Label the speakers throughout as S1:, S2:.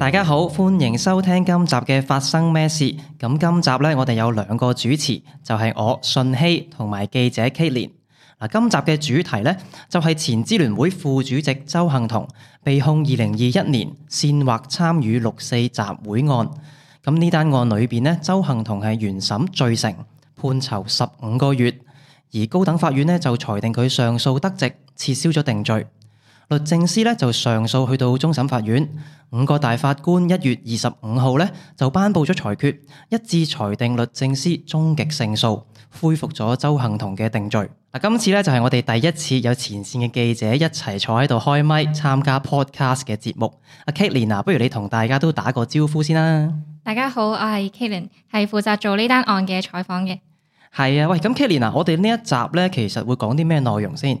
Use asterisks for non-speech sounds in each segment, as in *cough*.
S1: 大家好，歡迎收聽今集嘅法生咩事。咁今集呢，我哋有兩個主持，就係我信希同埋記者 Kian。嗱，今集嘅主題呢，就係前支聯會副主席鄒幸彤被控二零二一年煽惑參與六四集會案。咁呢單案裏邊呢，鄒幸彤係原審罪成，判囚十五個月，而高等法院呢，就裁定佢上訴得直，撤銷咗定罪。律政司咧就上訴去到終審法院，五個大法官一月二十五號咧就頒布咗裁決，一致裁定律政司終極勝訴，恢復咗鄒幸彤嘅定罪。嗱、啊，今次咧就係、是、我哋第一次有前線嘅記者一齊坐喺度開咪參加 podcast 嘅節目。阿、啊、Katelyn 啊，不如你同大家都打個招呼先啦、
S2: 啊。大家好，我係 Katelyn 係負責做呢單案嘅採訪嘅。
S1: 係啊，喂，咁 Katelyn 啊，我哋呢一集咧其實會講啲咩內容先？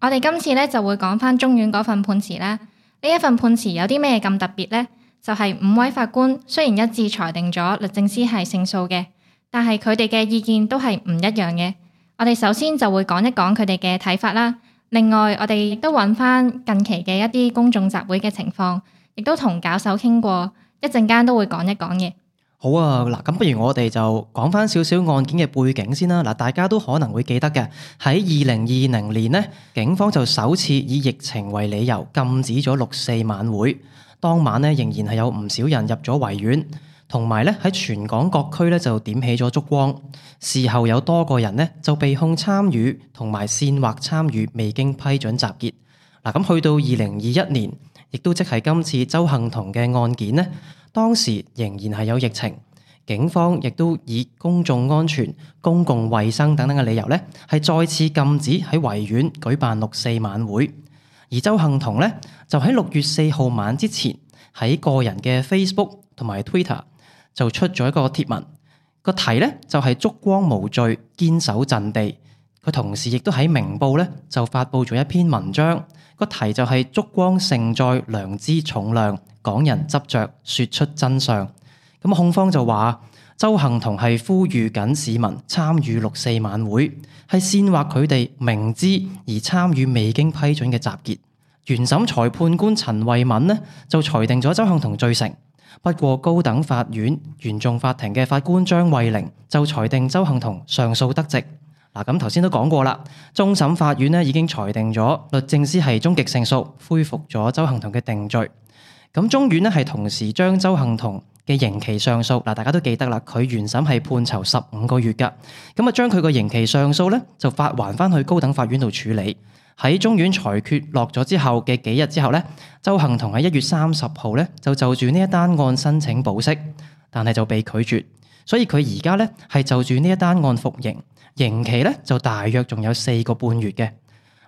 S2: 我哋今次呢就會講翻終院嗰份判詞啦。呢一份判詞有啲咩咁特別呢？就係五位法官雖然一致裁定咗律政司係勝訴嘅，但係佢哋嘅意見都係唔一樣嘅。我哋首先就會講一講佢哋嘅睇法啦。另外，我哋亦都揾翻近期嘅一啲公眾集會嘅情況，亦都同搞手傾過，一陣間都會講一講嘅。
S1: 好啊，嗱，咁不如我哋就講翻少少案件嘅背景先啦。嗱，大家都可能會記得嘅，喺二零二零年呢，警方就首次以疫情為理由禁止咗六四晚會。當晚咧，仍然係有唔少人入咗維園，同埋咧喺全港各區咧就點起咗燭光。事後有多個人呢，就被控參與同埋煽惑參與未經批准集結。嗱，咁去到二零二一年，亦都即係今次鄒幸彤嘅案件呢。當時仍然係有疫情，警方亦都以公眾安全、公共衛生等等嘅理由咧，係再次禁止喺維園舉辦六四晚會。而鄒幸彤咧，就喺六月四號晚之前喺個人嘅 Facebook 同埋 Twitter 就出咗一個貼文，個題咧就係「燭光無罪，堅守陣地」。佢同時亦都喺明報咧就發布咗一篇文章。個題就係燭光盛載良知重量，港人執着說出真相。咁控方就話鄒幸彤係呼籲緊市民參與六四晚會，係煽惑佢哋明知而參與未經批准嘅集結。原審裁判官陳慧敏呢，就裁定咗鄒幸彤罪成。不過高等法院原訟法庭嘅法官張慧玲就裁定鄒幸彤上訴得直。嗱，咁頭先都講過啦，終審法院咧已經裁定咗律政司係終極勝訴，恢復咗鄒幸彤嘅定罪。咁終院咧係同時將鄒幸彤嘅刑期上訴嗱，大家都記得啦，佢原審係判囚十五個月噶，咁啊將佢個刑期上訴咧就發還翻去高等法院度處理。喺終院裁決落咗之後嘅幾日之後咧，鄒幸彤喺一月三十號咧就就住呢一單案申請保釋，但係就被拒絕，所以佢而家咧係就住呢一單案服刑。刑期咧就大約仲有四個半月嘅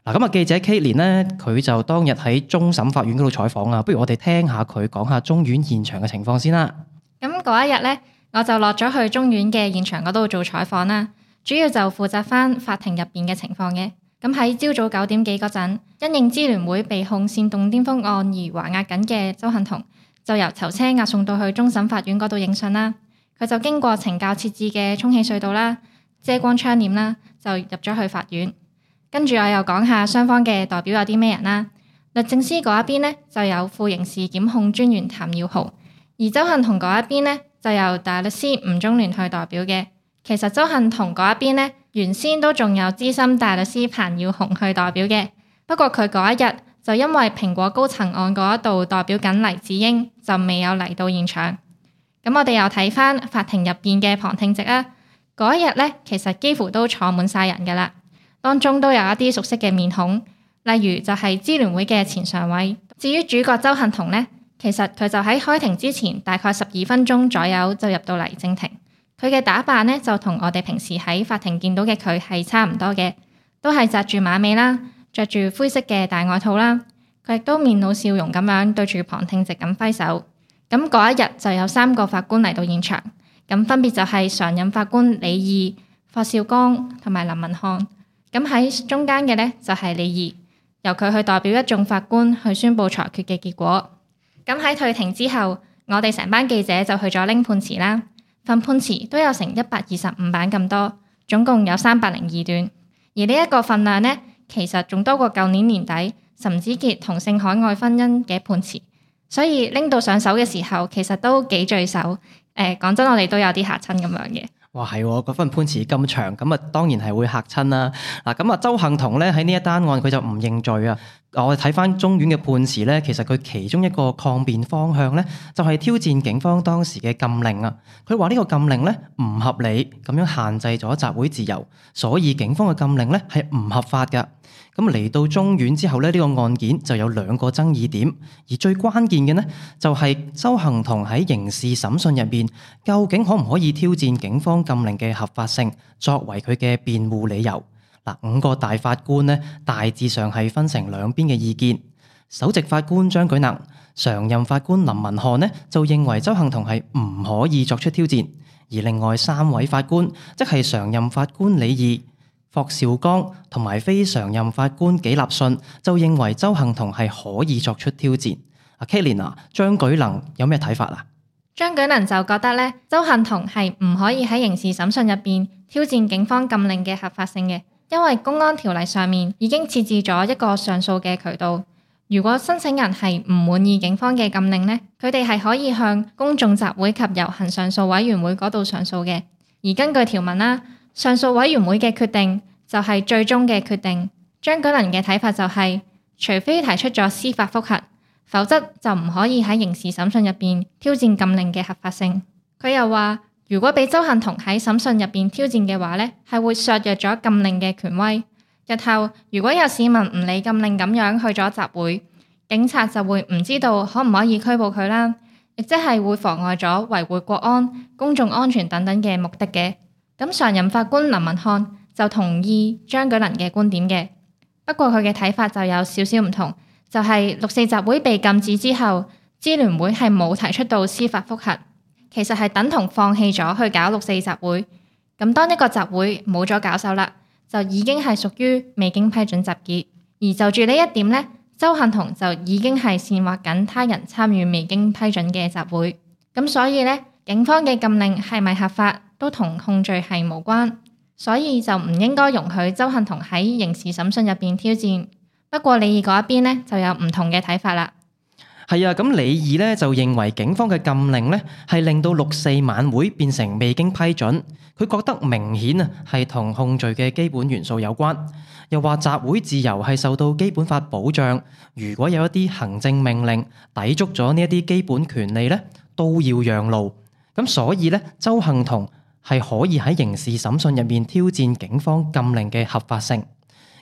S1: 嗱。咁啊，記者 K 連呢，佢就當日喺終審法院嗰度採訪啊，不如我哋聽下佢講下中院現場嘅情況先啦、
S2: 啊。咁嗰一日呢，我就落咗去中院嘅現場嗰度做採訪啦，主要就負責翻法庭入邊嘅情況嘅。咁喺朝早九點幾嗰陣，因應支聯會被控煽動顛覆案而還押緊嘅鄒幸彤，就由囚車押、啊、送到去終審法院嗰度應訊啦。佢就經過懲教設置嘅充氣隧道啦。遮光窗簾啦，就入咗去法院。跟住我又講下雙方嘅代表有啲咩人啦、啊。律政司嗰一邊呢，就有副刑事檢控專員譚耀豪，而鄒幸彤嗰一邊呢，就由大律師吳中聯去代表嘅。其實鄒幸彤嗰一邊呢，原先都仲有資深大律師彭耀鴻去代表嘅，不過佢嗰一日就因為蘋果高層案嗰一度代表緊黎智英，就未有嚟到現場。咁我哋又睇翻法庭入邊嘅旁聽席啊。嗰一日咧，其實幾乎都坐滿晒人嘅啦，當中都有一啲熟悉嘅面孔，例如就係支聯會嘅前常委。至於主角鄒幸彤呢，其實佢就喺開庭之前大概十二分鐘左右就入到嚟正庭。佢嘅打扮呢，就同我哋平時喺法庭見到嘅佢係差唔多嘅，都係紮住馬尾啦，着住灰色嘅大外套啦。佢亦都面露笑容咁樣對住旁聽席咁揮手。咁嗰一日就有三個法官嚟到現場。咁分別就係常任法官李義、霍兆剛同埋林文瀚。咁喺中間嘅呢，就係、是、李義，由佢去代表一眾法官去宣布裁決嘅結果。咁喺退庭之後，我哋成班記者就去咗拎判詞啦。份判詞都有成一百二十五版咁多，總共有三百零二段。而呢一個份量呢，其實仲多過舊年年底岑子傑同性海外婚姻嘅判詞，所以拎到上手嘅時候，其實都幾聚手。誒講真，我哋都有啲嚇親咁樣嘅。
S1: 哇，係、哦，嗰份判詞咁長，咁啊當然係會嚇親啦。嗱，咁啊，鄒幸彤咧喺呢一單案佢就唔認罪啊。我哋睇翻終院嘅判詞咧，其實佢其中一個抗辯方向咧，就係挑戰警方當時嘅禁令啊。佢話呢個禁令咧唔合理，咁樣限制咗集會自由，所以警方嘅禁令咧係唔合法噶。咁嚟到終院之後咧，呢個案件就有兩個爭議點，而最關鍵嘅咧就係鄒幸彤喺刑事審訊入面，究竟可唔可以挑戰警方禁令嘅合法性，作為佢嘅辯護理由？五個大法官咧，大致上係分成兩邊嘅意見。首席法官張舉能、常任法官林文瀚咧，就認為鄒幸彤係唔可以作出挑戰；而另外三位法官，即係常任法官李義、霍兆剛同埋非常任法官紀立信，就認為鄒幸彤係可以作出挑戰。阿 k e n n 啊，張舉能有咩睇法啊？
S2: 張舉能就覺得咧，鄒幸彤係唔可以喺刑事審訊入邊挑戰警方禁令嘅合法性嘅。因為公安條例上面已經設置咗一個上訴嘅渠道，如果申請人係唔滿意警方嘅禁令，呢，佢哋係可以向公眾集會及遊行上訴委員會嗰度上訴嘅。而根據條文啦，上訴委員會嘅決定就係最終嘅決定。張舉能嘅睇法就係，除非提出咗司法覆核，否則就唔可以喺刑事審訊入邊挑戰禁令嘅合法性。佢又話，如果俾鄒幸彤喺審訊入邊挑戰嘅話呢，係會削弱咗禁令嘅權威。日後如果有市民唔理禁令咁樣去咗集會，警察就會唔知道可唔可以拘捕佢啦，亦即係會妨礙咗維護國安、公眾安全等等嘅目的嘅。咁常任法官林文瀚就同意張舉能嘅觀點嘅，不過佢嘅睇法就有少少唔同，就係六四集會被禁止之後，支聯會係冇提出到司法覆核，其實係等同放棄咗去搞六四集會，咁當一個集會冇咗搞手啦，就已經係屬於未經批准集結。而就住呢一點呢，鄒幸彤就已經係煽惑緊他人參與未經批准嘅集會。咁所以呢，警方嘅禁令係咪合法都同控罪係無關，所以就唔應該容許鄒幸彤喺刑事審訊入邊挑戰。不過，李義嗰一邊呢就有唔同嘅睇法啦。
S1: 係啊，咁李義咧就認為警方嘅禁令咧係令到六四晚會變成未經批准，佢覺得明顯啊係同控罪嘅基本元素有關，又話集會自由係受到基本法保障，如果有一啲行政命令抵觸咗呢一啲基本權利咧，都要讓路，咁所以咧鄒幸彤係可以喺刑事審訊入面挑戰警方禁令嘅合法性。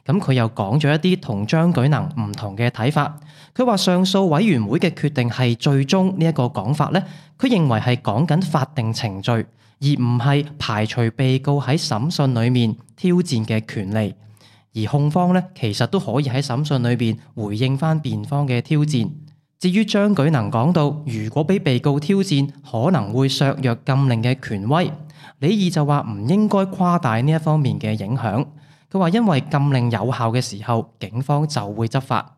S1: 咁佢又講咗一啲同張舉能唔同嘅睇法。佢話上訴委員會嘅決定係最終呢一個講法咧，佢認為係講緊法定程序，而唔係排除被告喺審訊裏面挑戰嘅權利。而控方咧，其實都可以喺審訊裏邊回應翻辯方嘅挑戰。至於張舉能講到，如果俾被，被告挑戰，可能會削弱禁令嘅權威，李義就話唔應該誇大呢一方面嘅影響。佢話因為禁令有效嘅時候，警方就會執法。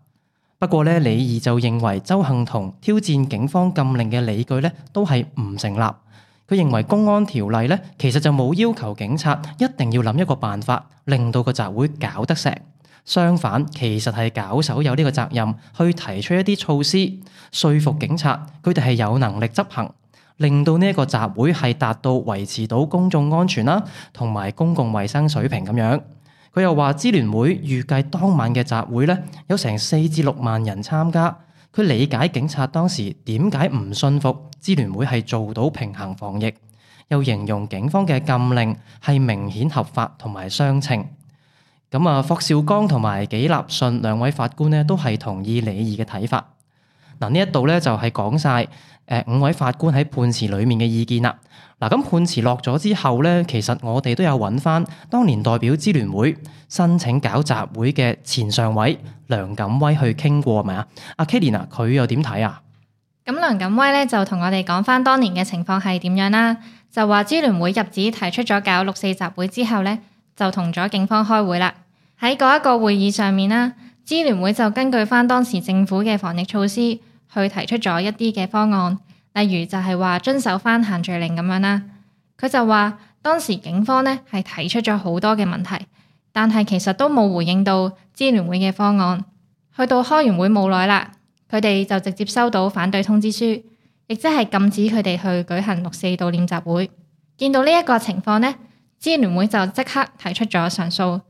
S1: 不過咧，李義就認為鄒幸彤挑戰警方禁令嘅理據咧，都係唔成立。佢認為公安條例咧，其實就冇要求警察一定要諗一個辦法，令到個集會搞得成。相反，其實係搞手有呢個責任，去提出一啲措施，說服警察佢哋係有能力執行，令到呢一個集會係達到維持到公眾安全啦，同埋公共衛生水平咁樣。佢又話，支聯會預計當晚嘅集會咧，有成四至六萬人參加。佢理解警察當時點解唔信服支聯會係做到平衡防疫，又形容警方嘅禁令係明顯合法同埋相稱。咁啊，霍兆剛同埋紀立信兩位法官咧，都係同意李義嘅睇法。嗱，呢一度咧就係講晒誒五位法官喺判詞裏面嘅意見啦。嗱，咁判詞落咗之後呢，其實我哋都有揾翻當年代表支聯會申請搞集會嘅前常委梁錦威去傾過，係咪啊？阿 Kiana 佢又點睇啊？
S2: 咁梁錦威呢就同我哋講翻當年嘅情況係點樣啦，就話支聯會入紙提出咗搞六四集會之後呢，就同咗警方開會啦。喺嗰一個會議上面啦，支聯會就根據翻當時政府嘅防疫措施去提出咗一啲嘅方案。例如就係話遵守翻限聚令咁樣啦。佢就話當時警方呢係提出咗好多嘅問題，但係其實都冇回應到支聯會嘅方案。去到開完會冇耐啦，佢哋就直接收到反對通知書，亦即係禁止佢哋去舉行六四悼念集會。見到呢一個情況呢，支聯會就即刻提出咗上訴。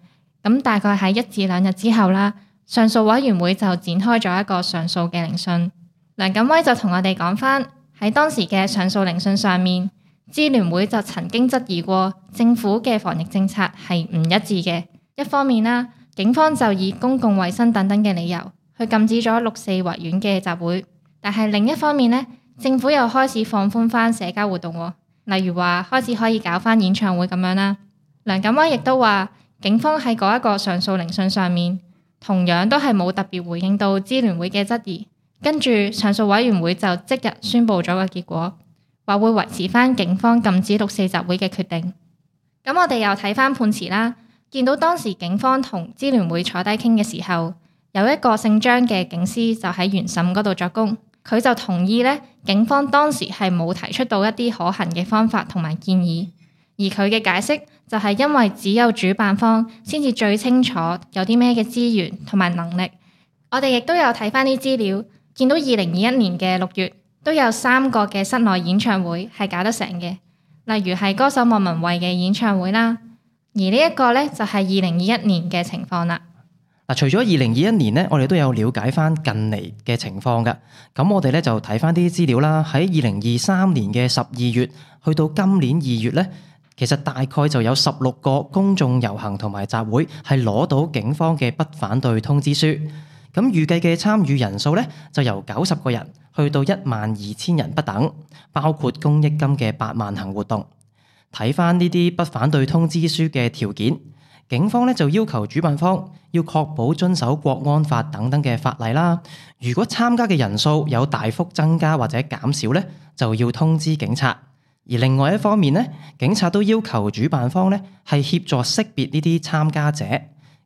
S2: 咁大概喺一至兩日之後啦，上訴委員會就展開咗一個上訴嘅聆訊。梁錦威就同我哋講翻。喺當時嘅上訴聆訊上面，支聯會就曾經質疑過政府嘅防疫政策係唔一致嘅。一方面啦，警方就以公共衛生等等嘅理由去禁止咗六四維園嘅集會，但係另一方面呢，政府又開始放寬翻社交活動，例如話開始可以搞翻演唱會咁樣啦。梁錦威亦都話，警方喺嗰一個上訴聆訊上面，同樣都係冇特別回應到支聯會嘅質疑。跟住，上訴委員會就即日宣布咗個結果，話會維持翻警方禁止六四集會嘅決定。咁我哋又睇翻判詞啦，見到當時警方同支聯會坐低傾嘅時候，有一個姓張嘅警司就喺原審嗰度作供，佢就同意呢，警方當時係冇提出到一啲可行嘅方法同埋建議。而佢嘅解釋就係因為只有主辦方先至最清楚有啲咩嘅資源同埋能力。我哋亦都有睇翻啲資料。見到二零二一年嘅六月都有三個嘅室內演唱會係搞得成嘅，例如係歌手莫文蔚嘅演唱會啦。而呢一個咧就係二零二一年嘅情況啦。
S1: 除咗二零二一年咧，我哋都有了解翻近嚟嘅情況噶。咁我哋咧就睇翻啲資料啦。喺二零二三年嘅十二月去到今年二月咧，其實大概就有十六個公眾遊行同埋集會係攞到警方嘅不反對通知書。咁預計嘅參與人數咧，就由九十個人去到一萬二千人不等，包括公益金嘅百萬行活動。睇返呢啲不反對通知書嘅條件，警方咧就要求主辦方要確保遵守國安法等等嘅法例啦。如果參加嘅人數有大幅增加或者減少咧，就要通知警察。而另外一方面咧，警察都要求主辦方咧係協助識別呢啲參加者。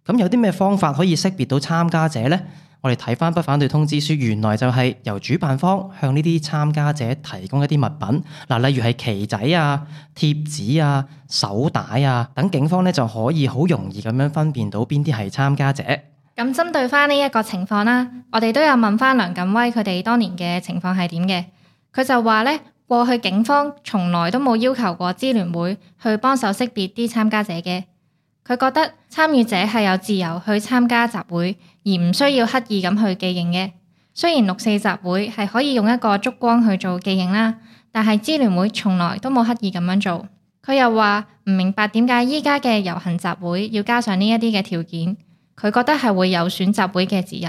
S1: 咁有啲咩方法可以識別到參加者呢？我哋睇翻不反對通知書，原來就係由主辦方向呢啲參加者提供一啲物品，嗱，例如係旗仔啊、貼紙啊、手帶啊等，警方咧就可以好容易咁樣分辨到邊啲係參加者。
S2: 咁針對翻呢一個情況啦，我哋都有問翻梁錦威佢哋當年嘅情況係點嘅。佢就話咧，過去警方從來都冇要求過支聯會去幫手識別啲參加者嘅。佢覺得參與者係有自由去參加集會，而唔需要刻意咁去記認嘅。雖然六四集會係可以用一個燭光去做記認啦，但係支聯會從來都冇刻意咁樣做。佢又話唔明白點解依家嘅遊行集會要加上呢一啲嘅條件。佢覺得係會有選集會嘅自由。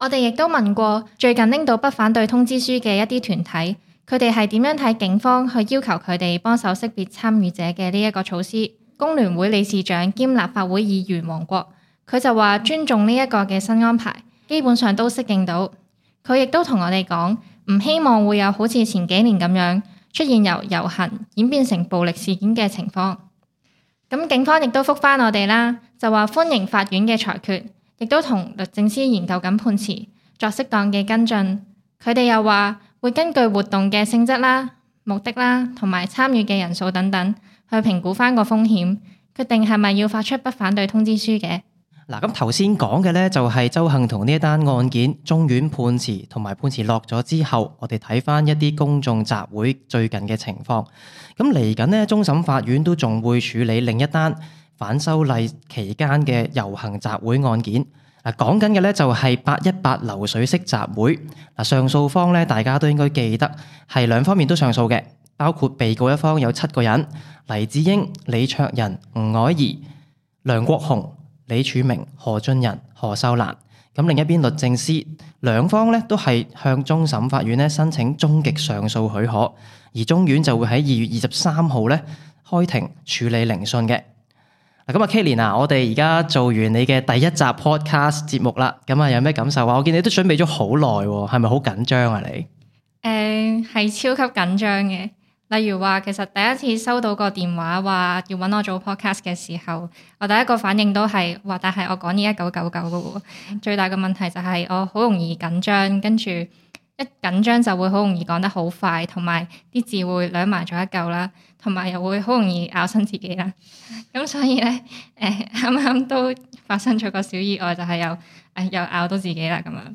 S2: 我哋亦都問過最近拎到不反對通知書嘅一啲團體，佢哋係點樣睇警方去要求佢哋幫手識別參與者嘅呢一個措施？工聯會理事長兼立法會議員王國，佢就話尊重呢一個嘅新安排，基本上都適應到。佢亦都同我哋講，唔希望會有好似前幾年咁樣出現由遊行演變成暴力事件嘅情況。咁警方亦都覆返我哋啦，就話歡迎法院嘅裁決，亦都同律政司研究緊判詞，作適當嘅跟進。佢哋又話會根據活動嘅性質啦、目的啦同埋參與嘅人數等等。去評估翻個風險，決定係咪要發出不反對通知書嘅？
S1: 嗱，咁頭先講嘅呢就係鄒幸彤呢一單案件，中院判詞同埋判詞落咗之後，我哋睇翻一啲公眾集會最近嘅情況。咁嚟緊呢，終審法院都仲會處理另一單反修例期間嘅遊行集會案件。嗱，講緊嘅呢就係八一八流水式集會。嗱，上訴方呢，大家都應該記得係兩方面都上訴嘅。包括被告一方有七個人，黎智英、李卓人、吳靄儀、梁國雄、李柱銘、何俊仁、何秀蘭。咁另一邊律政司，兩方咧都係向終審法院咧申請終極上訴許可，而中院就會喺二月二十三號咧開庭處理聆訊嘅。嗱，咁啊，Katelyn 啊，我哋而家做完你嘅第一集 podcast 節目啦，咁啊有咩感受啊？我見你都準備咗好耐，係咪好緊張啊你？你
S2: 誒、呃，係超級緊張嘅。例如話，其實第一次收到個電話話要揾我做 podcast 嘅時候，我第一個反應都係嘩，但係我講呢一九九九嘅喎。最大嘅問題就係我好容易緊張，跟住一緊張就會好容易講得好快，同埋啲字會兩埋咗一嚿啦，同埋又會好容易咬親自己啦。咁所以呢，誒啱啱都發生咗個小意外，就係、是、又、哎、又咬到自己啦咁樣。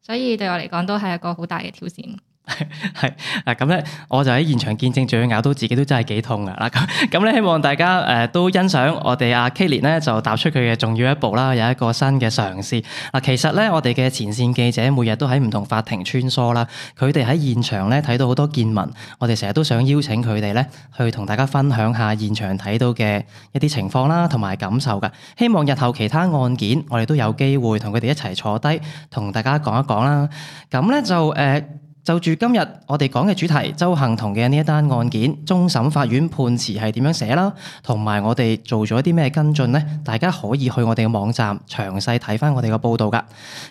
S2: 所以對我嚟講都係一個好大嘅挑戰。
S1: 係，係， *laughs* 咁 *laughs* 咧，我就喺現場見證，仲要咬到自己，都真係幾痛噶。嗱，咁，咁咧，希望大家誒都欣賞我哋阿 K y 咧，就踏出佢嘅重要一步啦，有一個新嘅嘗試。嗱，其實咧，我哋嘅前線記者每日都喺唔同法庭穿梭啦，佢哋喺現場咧睇到好多見聞，我哋成日都想邀請佢哋咧去同大家分享下現場睇到嘅一啲情況啦，同埋感受噶。希望日後其他案件，我哋都有機會同佢哋一齊坐低，同大家講一講啦。咁咧就誒。呃就住今日我哋講嘅主題，鄒幸彤嘅呢一單案件，終審法院判詞係點樣寫啦，同埋我哋做咗啲咩跟進呢？大家可以去我哋嘅網站詳細睇翻我哋嘅報道㗎。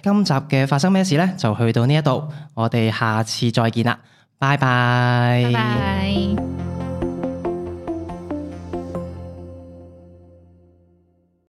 S1: 今集嘅法生咩事呢？就去到呢一度，我哋下次再見啦，拜拜。拜
S2: 拜。